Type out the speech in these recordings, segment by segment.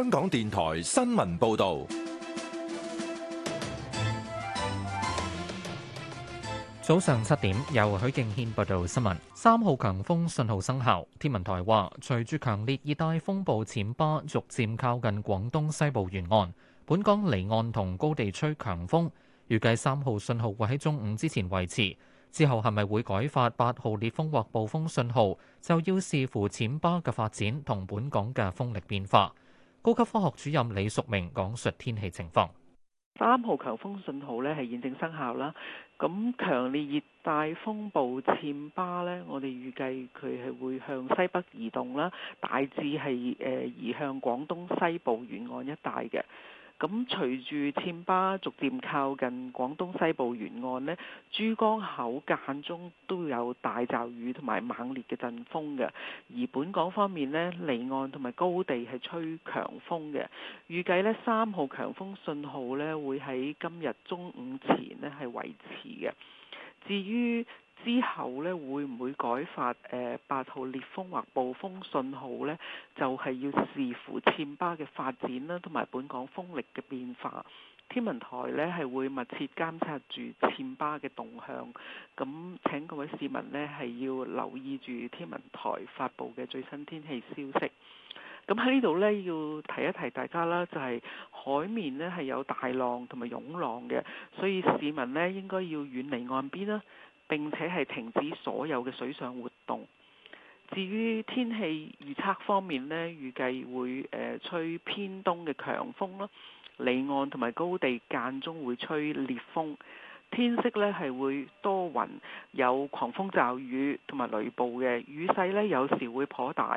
香港電台新聞報道，早上七點，由許敬軒報道新聞。三號強風信號生效，天文台話，隨住強烈熱帶風暴淺巴逐漸靠近廣東西部沿岸，本港離岸同高地吹強風。預計三號信號會喺中午之前維持，之後係咪會改發八號烈風或暴風信號，就要視乎淺巴嘅發展同本港嘅風力變化。高級科學主任李淑明講述天氣情況。三號強風信號咧係現正生效啦，咁強烈熱帶風暴暹芭呢，我哋預計佢係會向西北移動啦，大致係誒移向廣東西部沿岸一帶嘅。咁隨住颱巴逐漸靠近廣東西部沿岸呢珠江口間中都有大驟雨同埋猛烈嘅陣風嘅。而本港方面呢，離岸同埋高地係吹強風嘅。預計呢，三號強風信號呢，會喺今日中午前呢，係維持嘅。至於之後咧，會唔會改發、呃、八號烈風或暴風信號咧？就係、是、要視乎暹芭嘅發展啦，同埋本港風力嘅變化。天文台咧係會密切監察住暹芭嘅動向，咁請各位市民咧係要留意住天文台發布嘅最新天氣消息。咁喺呢度呢，要提一提大家啦，就係海面呢，係有大浪同埋湧浪嘅，所以市民呢應該要遠離岸邊啦，並且係停止所有嘅水上活動。至於天氣預測方面呢，預計會誒吹偏東嘅強風啦，離岸同埋高地間中會吹烈風，天色呢，係會多雲，有狂風驟雨同埋雷暴嘅，雨勢呢有時會頗大。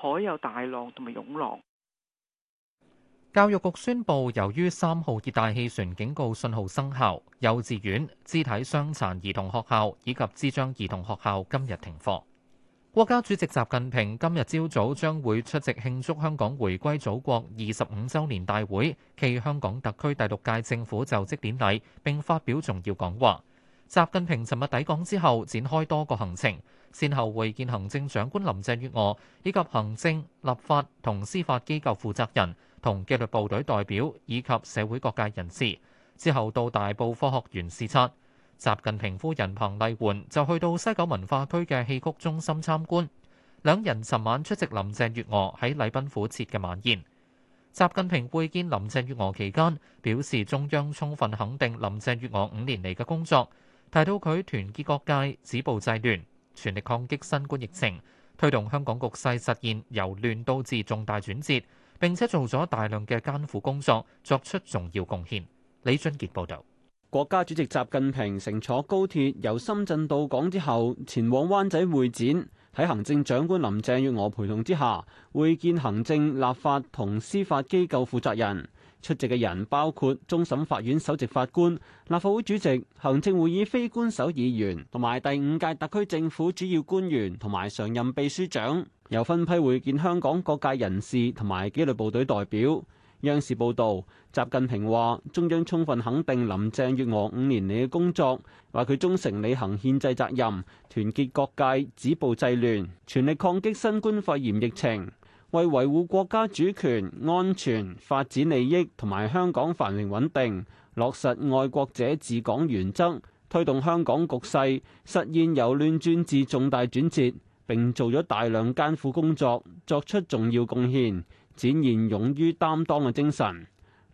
海有大浪同埋湧浪。教育局宣布，由於三號熱帶氣旋警告信號生效，幼稚園、肢體傷殘兒童學校以及智障兒童學校今日停課。國家主席習近平今日朝早將會出席慶祝香港回歸祖國二十五周年大會暨香港特區第六屆政府就職典禮，並發表重要講話。習近平尋日抵港之後，展開多個行程，先後會見行政長官林鄭月娥以及行政、立法同司法機構負責人、同紀律部隊代表以及社會各界人士。之後到大埔科學園視察。習近平夫人彭麗媛就去到西九文化區嘅戲曲中心參觀。兩人尋晚出席林鄭月娥喺禮賓府設嘅晚宴。習近平會見林鄭月娥期間，表示中央充分肯定林鄭月娥五年嚟嘅工作。提到佢團結各界、止暴制亂，全力抗擊新冠疫情、推動香港局勢實現由亂到治重大轉折，並且做咗大量嘅艱苦工作，作出重要貢獻。李俊杰報道。國家主席習近平乘坐高鐵由深圳到港之後，前往灣仔會展，喺行政長官林鄭月娥陪同之下，會見行政、立法同司法機構負責人。出席嘅人包括終審法院首席法官、立法會主席、行政會議非官守議員同埋第五屆特區政府主要官員同埋常任秘書長，有分批會見香港各界人士同埋紀律部隊代表。央視報道，習近平話中央充分肯定林鄭月娥五年嚟嘅工作，話佢忠誠履行憲制責任，團結各界，止暴制亂，全力抗擊新冠肺炎疫情。為維護國家主權、安全、發展利益同埋香港繁榮穩定，落實愛國者治港原則，推動香港局勢實現由亂轉治重大轉折，並做咗大量艱苦工作，作出重要貢獻，展現勇於擔當嘅精神。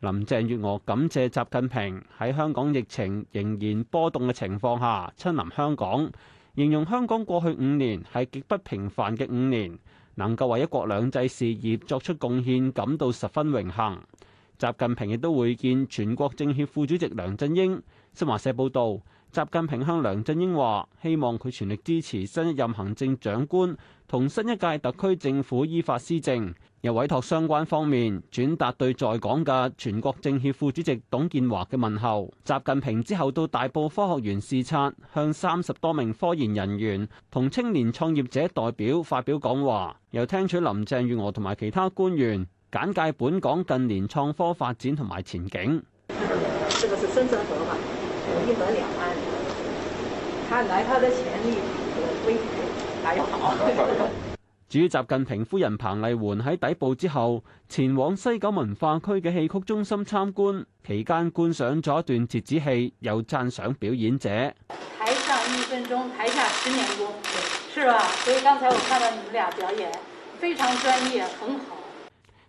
林鄭月娥感謝習近平喺香港疫情仍然波動嘅情況下親臨香港，形容香港過去五年係極不平凡嘅五年。能夠為一國兩制事業作出貢獻，感到十分榮幸。習近平亦都會見全國政協副主席梁振英。新華社報道。習近平向梁振英話：希望佢全力支持新一任行政長官同新一屆特區政府依法施政，又委託相關方面轉達對在港嘅全國政協副主席董建華嘅問候。習近平之後到大埔科學園視察，向三十多名科研人員同青年創業者代表發表講話，又聽取林鄭月娥同埋其他官員簡介本港近年創科發展同埋前景生生。一河兩岸，看來他的潛力和規好。哎、 至於習近平夫人彭麗媛喺底部之後，前往西九文化區嘅戲曲中心參觀，期間觀賞咗一段折子戲，又讚賞表演者。台上一分鐘，台下十年功，是吧？所以剛才我看到你們倆表演，非常專業，很好。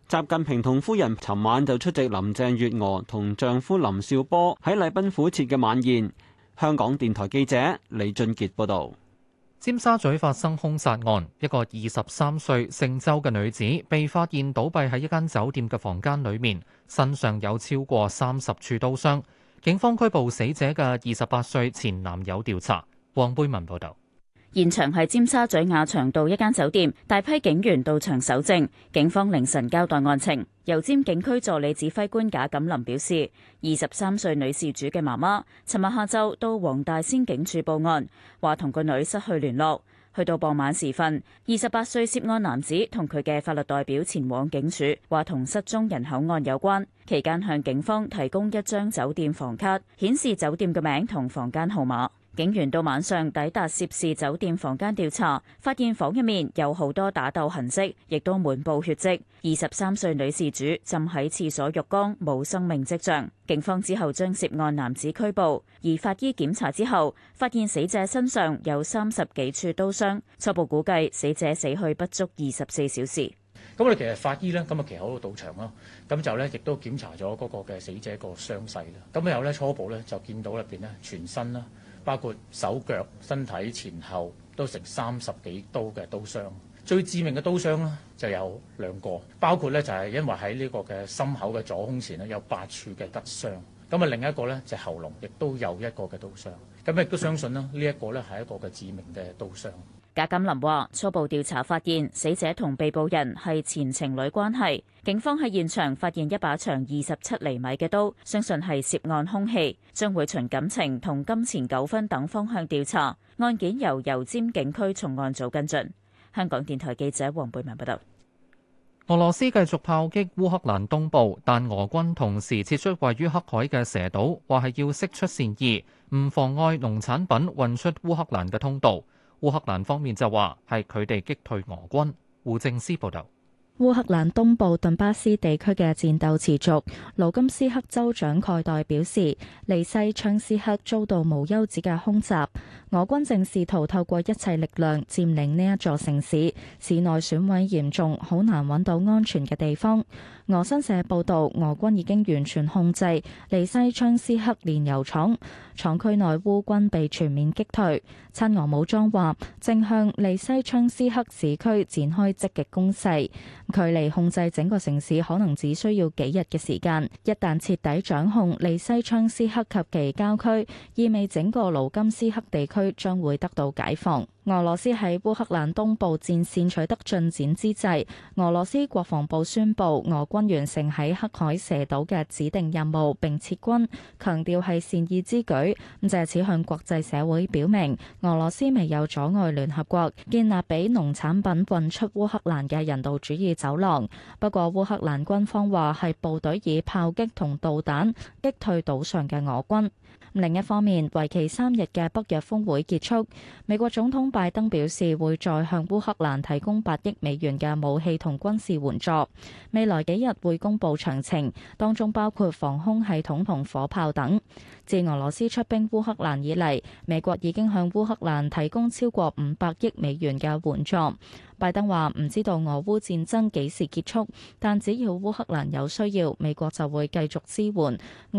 習近平同夫人尋晚，就出席林鄭月娥同丈夫林兆波喺禮賓府設嘅晚宴。香港電台記者李俊傑報道。尖沙咀發生凶殺案，一個二十三歲姓周嘅女子被發現倒斃喺一間酒店嘅房間裏面，身上有超過三十處刀傷。警方拘捕死者嘅二十八歲前男友調查。黃貝文報道。現場係尖沙咀亞長道一間酒店，大批警員到場搜證。警方凌晨交代案情，油尖警區助理指揮官賈錦林表示，二十三歲女事主嘅媽媽尋日下晝到黃大仙警署報案，話同個女失去聯絡。去到傍晚時分，二十八歲涉案男子同佢嘅法律代表前往警署，話同失蹤人口案有關。期間向警方提供一張酒店房卡，顯示酒店嘅名同房間號碼。警員到晚上抵達涉事酒店房間調查，發現房入面有好多打鬥痕迹，亦都滿布血迹。二十三歲女事主浸喺廁所浴缸，冇生命迹象。警方之後將涉案男子拘捕，而法醫檢查之後發現死者身上有三十幾處刀傷，初步估計死者死去不足二十四小時。咁我哋其實法醫呢咁啊，其實喺度到場啦，咁就呢亦都檢查咗嗰個嘅死者個傷勢啦。咁啊，又呢初步呢就見到入邊咧全身啦。包括手腳、身體前後都成三十幾刀嘅刀傷，最致命嘅刀傷呢，就有兩個，包括呢就係、是、因為喺呢個嘅心口嘅左胸前呢，有八處嘅刀傷，咁啊另一個呢，就是、喉嚨亦都有一個嘅刀傷，咁亦都相信咧、這個、呢一個呢係一個嘅致命嘅刀傷。賈金林話，初步調查發現死者同被捕人係前情侶關係，警方喺現場發現烏克蘭方面就話係佢哋擊退俄軍。胡政司報道，烏克蘭東部頓巴斯地區嘅戰鬥持續。盧金斯克州長蓋代表示，利西昌斯克遭到無休止嘅空襲，俄軍正試圖透過一切力量佔領呢一座城市，市內損毀嚴重，好難揾到安全嘅地方。俄新社報道，俄軍已經完全控制利西昌斯克煉油廠，廠區內烏軍被全面擊退。親俄武裝話，正向利西昌斯克市區展開積極攻勢，距離控制整個城市可能只需要幾日嘅時間。一旦徹底掌控利西昌斯克及其郊區，意味整個盧甘斯克地區將會得到解放。俄羅斯喺烏克蘭東部戰線取得進展之際，俄羅斯國防部宣布俄軍完成喺黑海蛇島嘅指定任務並撤軍，強調係善意之舉，咁藉此向國際社會表明俄羅斯未有阻礙聯合國建立俾農產品運出烏克蘭嘅人道主義走廊。不過，烏克蘭軍方話係部隊以炮擊同導彈擊退島上嘅俄軍。另一方面，為期三日嘅北約峰會結束，美國總統拜登表示會再向烏克蘭提供八億美元嘅武器同軍事援助，未來幾日會公布詳情，當中包括防空系統同火炮等。自俄羅斯出兵烏克蘭以嚟，美國已經向烏克蘭提供超過五百億美元嘅援助。拜登話唔知道俄烏戰爭幾時結束，但只要烏克蘭有需要，美國就會繼續支援。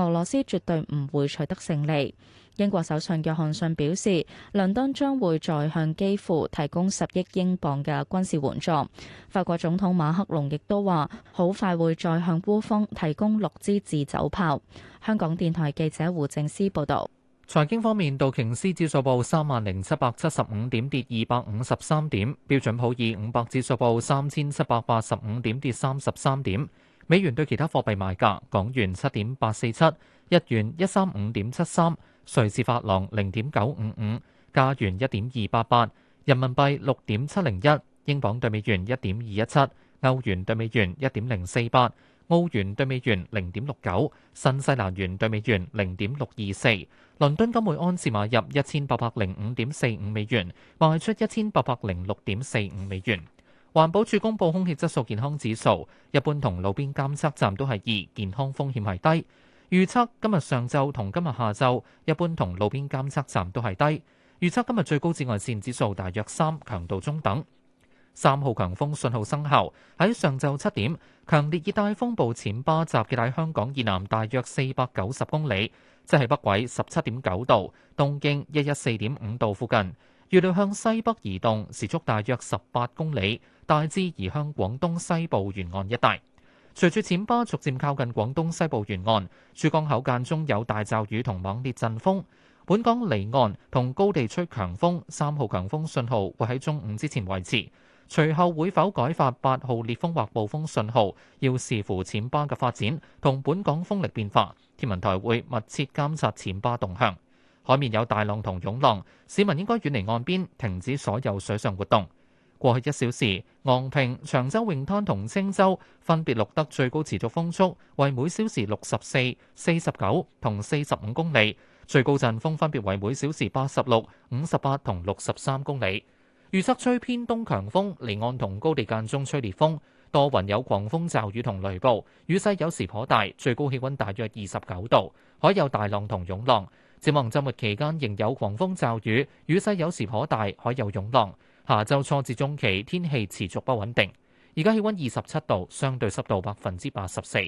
俄羅斯絕對唔會取得勝利。英國首相約翰遜表示，倫敦將會再向基輔提供十億英鎊嘅軍事援助。法國總統馬克龍亦都話，好快會再向烏方提供六支自走炮。香港電台記者胡正思報道。財經方面，道瓊斯指數報三萬零七百七十五點，跌二百五十三點；標準普爾五百指數報三千七百八十五點，跌三十三點。美元對其他貨幣賣價：港元七點八四七，日元一三五點七三。瑞士法郎零點九五五，加元一點二八八，人民幣六點七零一，英鎊對美元一點二一七，歐元對美元一點零四八，澳元對美元零點六九，新西蘭元對美元零點六二四。倫敦金每安士買入一千八百零五點四五美元，賣出一千八百零六點四五美元。環保署公布空氣質素健康指數，一般同路邊監測站都係二，健康風險係低。預測今日上晝同今日下晝，一般同路邊監測站都係低。預測今日最高紫外線指數大約三，強度中等。三號強風信號生效。喺上晝七點，強烈熱帶風暴暹芭集結喺香港以南大約四百九十公里，即係北緯十七點九度，東經一一四點五度附近。預料向西北移動，時速大約十八公里，大致移向廣東西部沿岸一帶。隨住淺巴逐漸靠近廣東西部沿岸，珠江口間中有大驟雨同猛烈陣風。本港離岸同高地吹強風，三號強風信號會喺中午之前維持。隨後會否改發八號烈風或暴風信號，要視乎淺巴嘅發展同本港風力變化。天文台會密切監察淺巴動向。海面有大浪同湧浪，市民應該遠離岸邊，停止所有水上活動。過去一小時，昂坪、長洲泳灘同青洲分別錄得最高持續風速為每小時六十四、四十九同四十五公里，最高陣風分別為每小時八十六、五十八同六十三公里。預測吹偏東強風，離岸同高地間中吹烈風，多雲有狂風驟雨同雷暴，雨勢有時頗大，最高氣温大約二十九度，海有大浪同湧浪。展望周末期間仍有狂風驟雨，雨勢有時頗大，海有湧浪。下週初至中期，天氣持續不穩定，而家氣温二十七度，相對濕度百分之八十四。